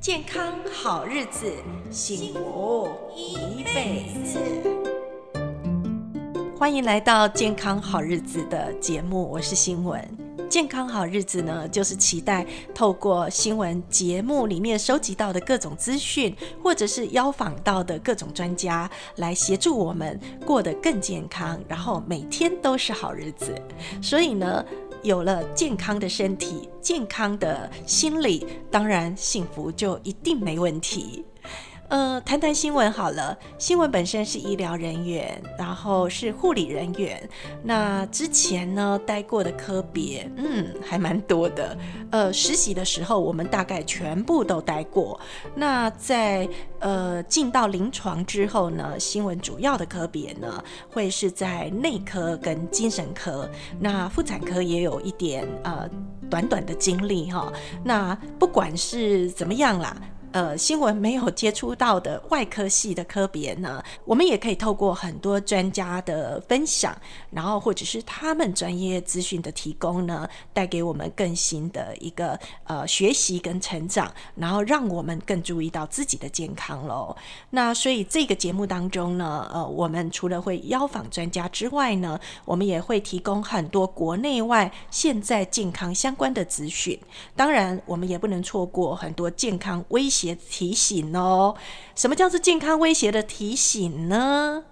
健康好日子，幸福一輩子。歡迎來到《健康好日子》的節目，我是新聞。健康好日子呢，就是期待透過新聞節目裡面收集到的各種資訊，或者是邀訪到的各種專家，來協助我們過得更健康，然後每天都是好日子。所以呢。有了健康的身體，健康的心理，當然幸福就一定沒問題。呃，談談新聞好了。新聞本身是醫療人員，然後是護理人員。那之前呢，待過的科別，嗯，還蠻多的。呃，實習的時候，我們大概全部都待過。那在呃進到臨床之後呢，新聞主要的科別呢，會是在內科跟精神科。那婦產科也有一點呃短短的經歷哈、哦。那不管是怎麼樣啦。呃，新聞沒有接觸到的外科系的科別呢，我們也可以透過很多專家的分享，然後或者是他們專業資訊的提供呢，帶給我們更新的一個呃學習跟成長，然後讓我們更注意到自己的健康嘍。那所以這個節目當中呢，呃，我們除了會邀訪專家之外呢，我們也會提供很多國內外現在健康相關的資訊。當然，我們也不能錯過很多健康微信提醒哦，什麼叫做健康威脅的提醒呢？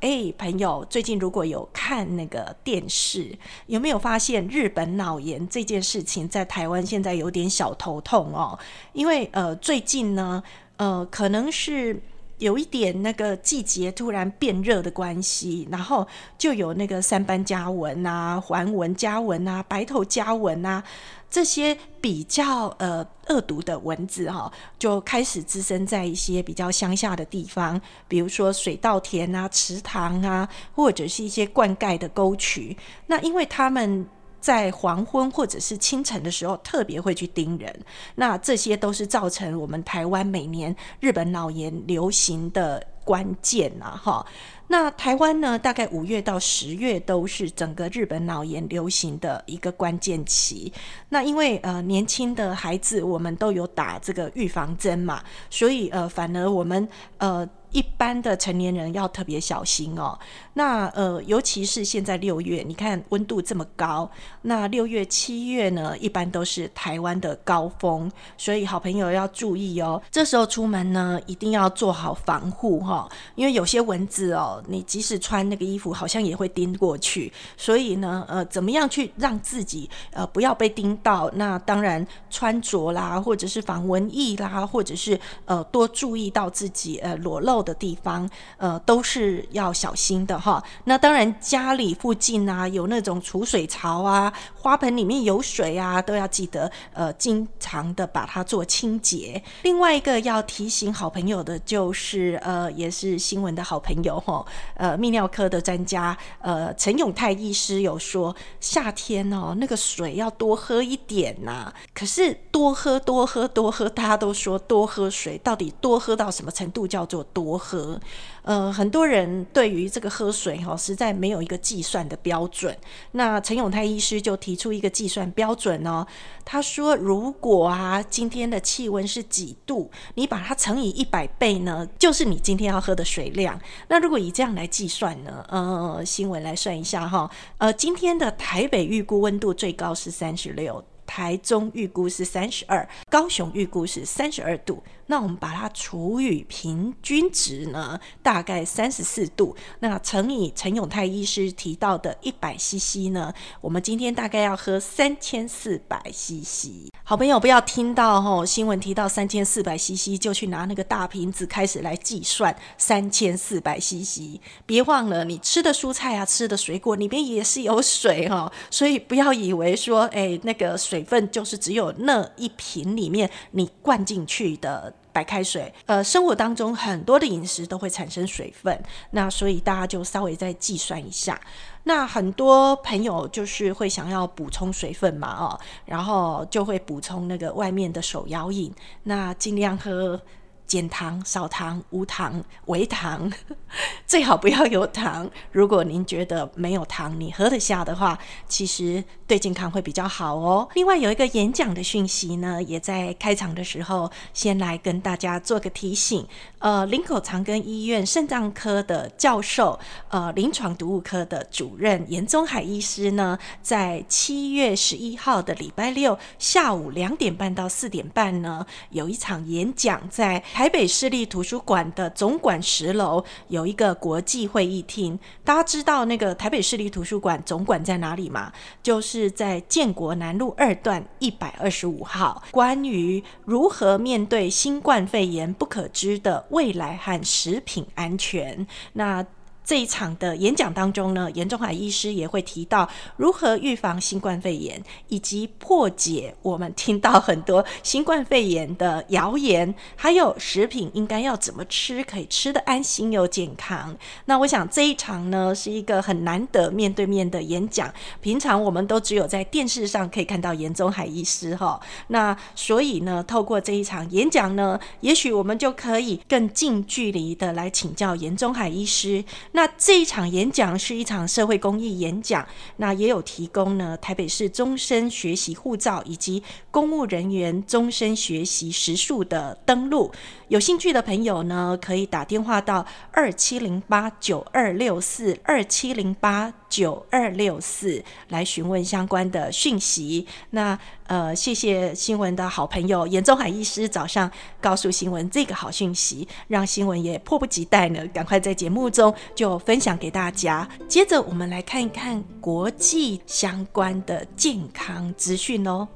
哎，朋友，最近如果有看那個電視，有沒有發現日本腦炎這件事情在台灣現在有點小頭痛哦？因為呃，最近呢，呃，可能是。有一點那個季節突然變熱的關係，然後就有那個三斑家蚊啊、環紋家蚊啊、白頭家蚊啊這些比較呃惡毒的蚊子哈，就開始滋生在一些比較鄉下的地方，比如說水稻田啊、池塘啊，或者是一些灌溉的溝渠。那因為他們在黃昏或者是清晨的時候，特別會去叮人。那這些都是造成我們台灣每年日本腦炎流行的關鍵吶，哈。那台灣呢，大概五月到十月都是整個日本腦炎流行的一個關鍵期。那因為呃年輕的孩子我們都有打這個預防針嘛，所以呃反而我們呃。一般的成年人要特別小心喔。那呃，尤其是現在六月，你看溫度這麼高，那六月、七月呢，一般都是台灣的高峰，所以好朋友要注意喔。這時候出門呢，一定要做好防護哈，因為有些蚊子喔，你即使穿那個衣服，好像也會叮過去。所以呢，呃，怎麼樣去讓自己呃不要被叮到？那當然穿着啦，或者是防蚊液啦，或者是呃多注意到自己呃裸露。的地方，呃，都是要小心的哈。那當然，家裡附近啊，有那種儲水槽啊，花盆裡面有水啊，都要記得呃，經常的把它做清潔。另外一個要提醒好朋友的，就是呃，也是新聞的好朋友哈，呃，泌尿科的專家呃，陳永泰醫師有說，夏天哦，那個水要多喝一點吶、啊。可是多喝多喝多喝，大家都說多喝水，到底多喝到什麼程度叫做多？和，呃、嗯，很多人對於這個喝水哈，實在沒有一個計算的標準。那陳永泰醫師就提出一個計算標準哦。他說，如果啊，今天的氣溫是幾度，你把它乘以一百倍呢，就是你今天要喝的水量。那如果以這樣來計算呢？呃，新聞來算一下哈。呃，今天的台北預估溫度最高是三十六，台中預估是三十二，高雄預估是三十二度。那我們把它除以平均值呢，大概三十四度，那乘以陳永泰醫師提到的一百 CC 呢，我們今天大概要喝三千四百 CC。好朋友不要聽到吼，新聞提到三千四百 CC 就去拿那個大瓶子開始來計算三千四百 CC。別忘了你吃的蔬菜啊、吃的水果裡面也是有水哈、喔，所以不要以為說哎、欸、那個水分就是只有那一瓶裡面你灌進去的。白開水，呃，生活當中很多的飲食都會產生水分，那所以大家就稍微再計算一下。那很多朋友就是會想要補充水分嘛，哦，然後就會補充那個外面的手搖飲，那盡量喝。減糖、少糖、無糖、微糖， 最好不要有糖。如果您覺得沒有糖你喝得下的話，其實對健康會比較好哦。另外有一個演講的訊息呢，也在開場的時候先來跟大家做個提醒。呃，林口長庚醫院腎臟科的教授，呃，臨床毒物科的主任嚴宗海醫師呢，在七月十一號的禮拜六下午兩點半到四點半呢，有一場演講在。台北市立圖書館的總館十樓有一個國際會議廳。大家知道那個台北市立圖書館總館在哪裡嗎？就是在建國南路二段一百二十五號。關於如何面對新冠肺炎不可知的未來和食品安全，那。這一場的演講當中呢，顏宗海醫師也會提到如何預防新冠肺炎，以及破解我們聽到很多新冠肺炎的謠言，還有食品應該要怎麼吃，可以吃得安心又健康。那我想這一場呢，是一個很難得面對面的演講，平常我們都只有在電視上可以看到顏宗海醫師哈。那所以呢，透過這一場演講呢，也許我們就可以更近距離的來請教顏宗海醫師。那這一場演講是一場社會公益演講，那也有提供呢，台北市終身學習護照以及公務人員終身學習時數的登錄。有興趣的朋友呢，可以打電話到二七零八九二六四二七零八九二六四來詢問相關的訊息。那呃，謝謝新聞的好朋友顏宗海醫師早上告訴新聞這個好訊息，讓新聞也迫不及待呢，趕快在節目中就分享給大家。接着，我們來看一看國際相關的健康資訊哦。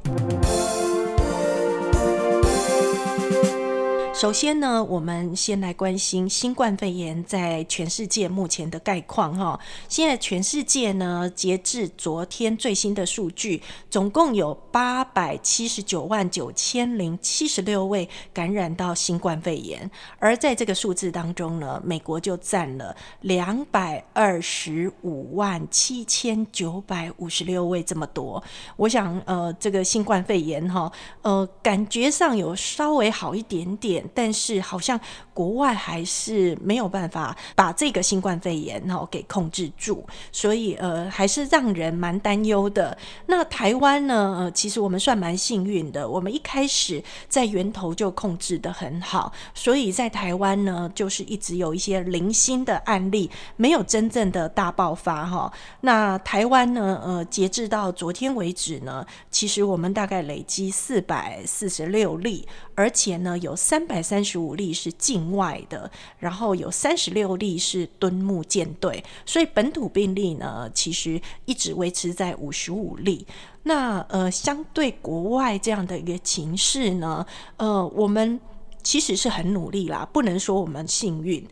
首先呢，我們先來關心新冠肺炎在全世界目前的概況哈。現在全世界呢，截至昨天最新的數據，總共有八百七十九萬九千零七十六位感染到新冠肺炎。而在這個數字當中呢，美國就佔了兩百二十五萬七千九百五十六位這麼多。我想呃，這個新冠肺炎哈，呃，感覺上有稍微好一點點。但是好像國外還是沒有辦法把這個新冠肺炎哈給控制住，所以呃還是讓人蠻擔憂的。那台灣呢？呃，其實我們算蠻幸運的，我們一開始在源頭就控制得很好，所以在台灣呢，就是一直有一些零星的案例，沒有真正的大爆發哈、哦。那台灣呢？呃，截至到昨天為止呢，其實我們大概累積四百四十六例，而且呢有三百。三十五例是境外的，然後有三十六例是敦睦艦隊，所以本土病例呢，其實一直維持在五十五例。那呃，相對國外這樣的一個情勢呢，呃，我們其實是很努力啦，不能說我們幸運。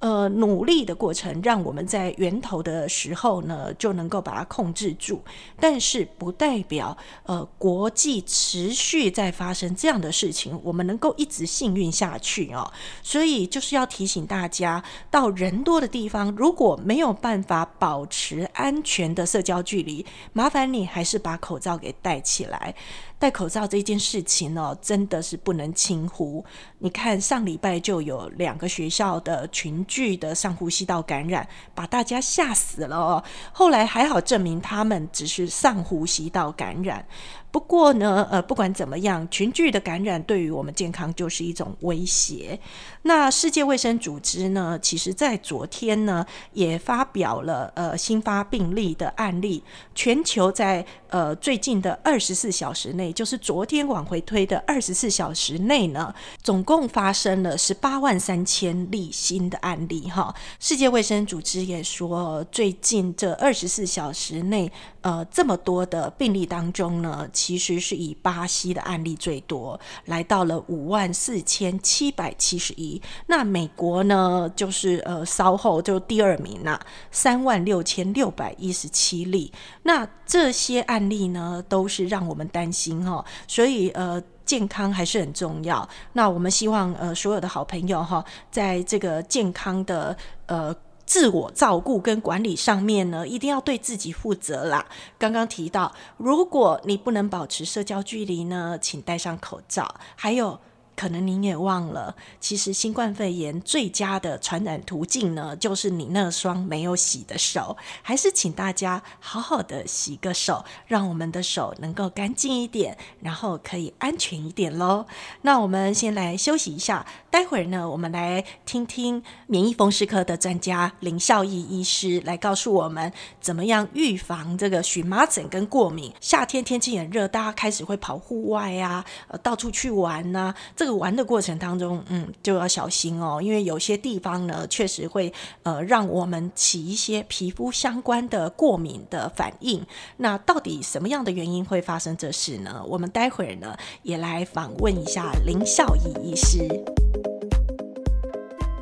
呃，努力的過程，讓我們在源頭的時候呢，就能夠把它控制住。但是，不代表呃，國際持續在發生這樣的事情，我們能夠一直幸運下去哦。所以，就是要提醒大家，到人多的地方，如果沒有辦法保持安全的社交距離，麻煩你還是把口罩給戴起來。戴口罩這一件事情哦，真的是不能輕忽。你看上禮拜就有兩個學校的群聚的上呼吸道感染，把大家嚇死了哦。後來還好，證明他們只是上呼吸道感染。不過呢，呃，不管怎麼樣，群聚的感染對於我們健康就是一種威脅。那世界衛生組織呢，其實在昨天呢，也發表了呃新發病例的案例。全球在呃最近的二十四小時內，就是昨天往回推的二十四小時內呢，總共發生了十八萬三千例新的案例。哈，世界衛生組織也說，最近這二十四小時內，呃，這麼多的病例當中呢，其實是以巴西的案例最多，來到了五萬四千七百七十一。那美國呢，就是呃稍後就第二名了，三萬六千六百一十七例。那這些案例呢，都是讓我們擔心哈、哦。所以呃，健康還是很重要。那我們希望呃所有的好朋友哈、哦，在這個健康的呃。自我照顧跟管理上面呢，一定要對自己負責啦。剛剛提到，如果你不能保持社交距離呢，請戴上口罩。還有，可能您也忘了，其實新冠肺炎最佳的傳染途徑呢，就是你那雙沒有洗的手。還是請大家好好的洗個手，讓我們的手能夠乾淨一點，然後可以安全一點嘍。那我們先來休息一下。待會兒呢，我們來聽聽免疫風濕科的專家林孝義醫師來告訴我們怎麼樣預防這個蕁麻疹跟過敏。夏天天氣很熱，大家開始會跑戶外啊，呃，到處去玩吶、啊。這個玩的過程當中，嗯，就要小心哦，因為有些地方呢，確實會呃，讓我們起一些皮膚相關的過敏的反應。那到底什麼樣的原因會發生這事呢？我們待會兒呢，也來訪問一下林孝義醫師。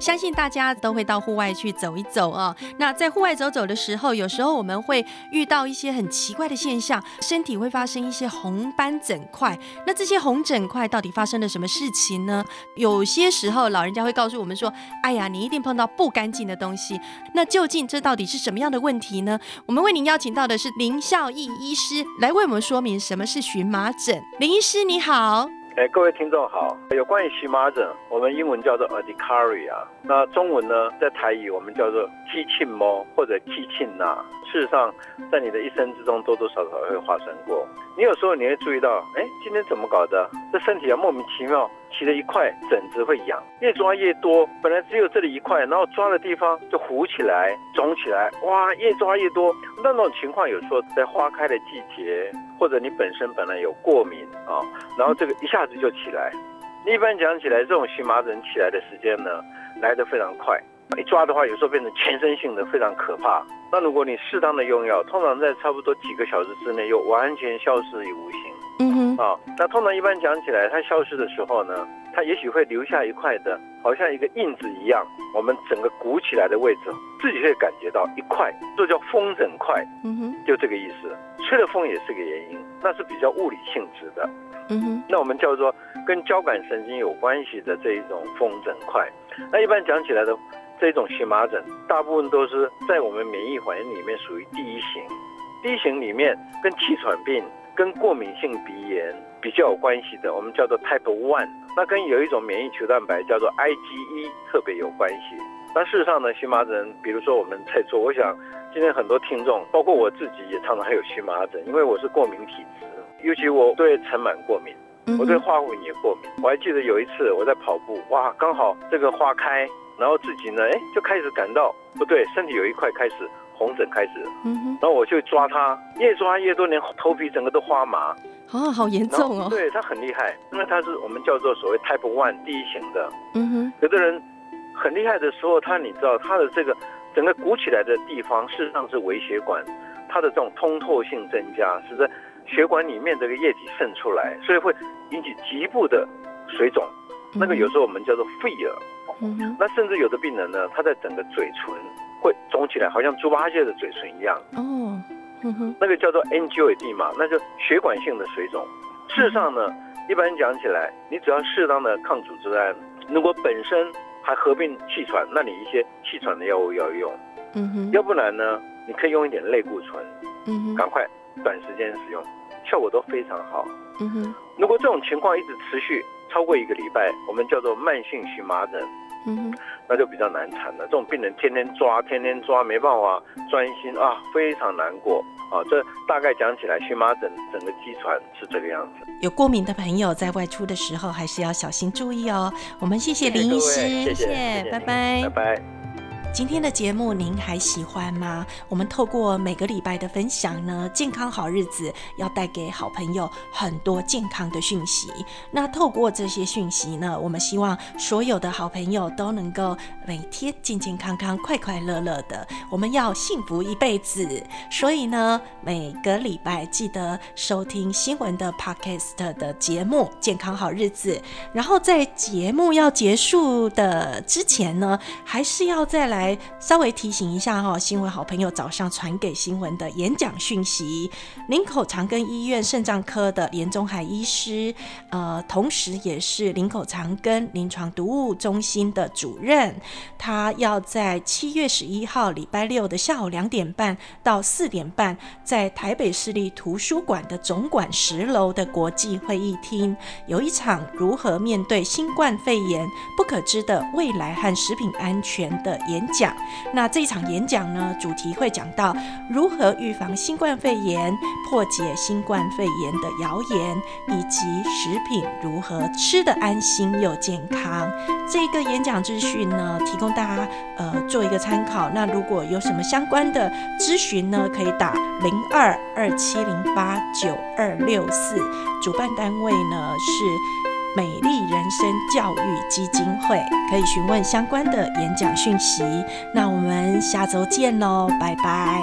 相信大家都會到戶外去走一走啊、哦。那在戶外走走的時候，有時候我們會遇到一些很奇怪的現象，身體會發生一些紅斑疹塊。那這些紅疹塊到底發生了什麼事情呢？有些時候老人家會告訴我們說：“哎呀，你一定碰到不乾淨的東西。”那究竟這到底是什麼樣的問題呢？我們為您邀請到的是林孝義醫師來為我們說明什麼是蕁麻疹。林醫師你好。哎，各位聽眾好！有關於蕁麻疹，我們英文叫做 urticaria 啊，那中文呢，在台語我們叫做起慶貓或者起慶吶。事實上，在你的一生之中，多多少少會發生過。你有時候你會注意到，哎，今天怎麼搞的？這身體啊，莫名其妙起了一塊疹子，會癢，越抓越多。本來只有這裡一塊，然後抓的地方就糊起來、腫起來，哇，越抓越多。那種情況有時候在花開的季節，或者你本身本來有過敏啊、哦，然後這個一下子就起來。你一般講起來，這種蕁麻疹起來的時間呢，來得非常快。一抓的話，有時候變成全身性的，非常可怕。那如果你適當的用藥，通常在差不多幾個小時之內，又完全消失於無形。嗯哼，啊，那通常一般講起來，它消失的時候呢，它也許會留下一塊的，好像一個印子一樣。我們整個鼓起來的位置，自己會感覺到一塊，這叫風疹塊。嗯哼，就這個意思。吹了風也是個原因，那是比較物理性質的。嗯哼，那我們叫做跟交感神經有關係的這一種風疹塊。那一般講起來的。這種蕁麻疹大部分都是在我們免疫環境裡面屬於第一型，第一型裡面跟氣喘病、跟過敏性鼻炎比較有關係的，我們叫做 Type One。那跟有一種免疫球蛋白叫做 IgE 特別有關係。但事實上呢，蕁麻疹，比如說我們在座，我想今天很多聽眾，包括我自己也常常還有蕁麻疹，因為我是過敏體質，尤其我對塵蟎過敏，我對花粉也過敏。我還記得有一次我在跑步，哇，剛好這個花開。然後自己呢，哎，就開始感到不對，身體有一塊開始紅疹開始。嗯哼。然後我就抓它，越抓越多，連頭皮整個都發麻。啊、哦，好嚴重哦。對，它很厲害，因為它是我們叫做所謂 Type One 第一型的。嗯哼。有的人很厲害的時候，他你知道，他的這個整個鼓起來的地方，事實上是微血管，它的這種通透性增加，使得血管裡面這個液體滲出來，所以會引起局部的水腫。那個有時候我們叫做肺兒、嗯。 那甚至有的病人呢，他在整個嘴唇會腫起來，好像豬八戒的嘴唇一樣。哦、oh, uh，huh. 那個叫做 angioedema 嘛，那就血管性的水腫。事實上呢，一般講起來，你只要適當的抗組織胺，如果本身還合併氣喘，那你一些氣喘的藥物要用。嗯哼、uh，huh. 要不然呢，你可以用一點類固醇。嗯哼、uh，huh. 趕快短時間使用，效果都非常好。嗯哼、uh，huh. 如果這種情況一直持續超過一個禮拜，我們叫做慢性蕁麻疹。嗯， 那就比較難纏了。這種病人天天抓，天天抓，沒辦法專心啊，非常難過啊。這大概講起來，蕁麻疹整個機轉是這個樣子。有過敏的朋友在外出的時候還是要小心注意哦。我們謝謝林醫師，謝謝,謝謝，拜拜，拜拜。今天的節目您還喜歡嗎？我們透過每個禮拜的分享呢，健康好日子要帶給好朋友很多健康的訊息。那透過這些訊息呢，我們希望所有的好朋友都能夠每天健健康康、快快樂樂的。我們要幸福一輩子。所以呢，每個禮拜記得收聽新聞的 Podcast 的節目《健康好日子》，然後在節目要結束的之前呢，還是要再來。來稍微提醒一下哈，新聞好朋友早上傳給新聞的演講訊息，林口長庚醫院腎臟科的顏宗海醫師，呃，同時也是林口長庚臨床毒物中心的主任，他要在七月十一號禮拜六的下午兩點半到四點半，在台北市立圖書館的總館十樓的國際會議廳，有一場如何面對新冠肺炎不可知的未來和食品安全的演。講，那這一場演講呢，主題會講到如何預防新冠肺炎，破解新冠肺炎的謠言，以及食品如何吃得安心又健康。這個演講資訊呢，提供大家呃做一個參考。那如果有什麼相關的諮詢呢，可以打零二二七零八九二六四。4，主辦單位呢是，美麗人生教育基金會，可以詢問相關的演講訊息。那我們下週見嘍，拜拜。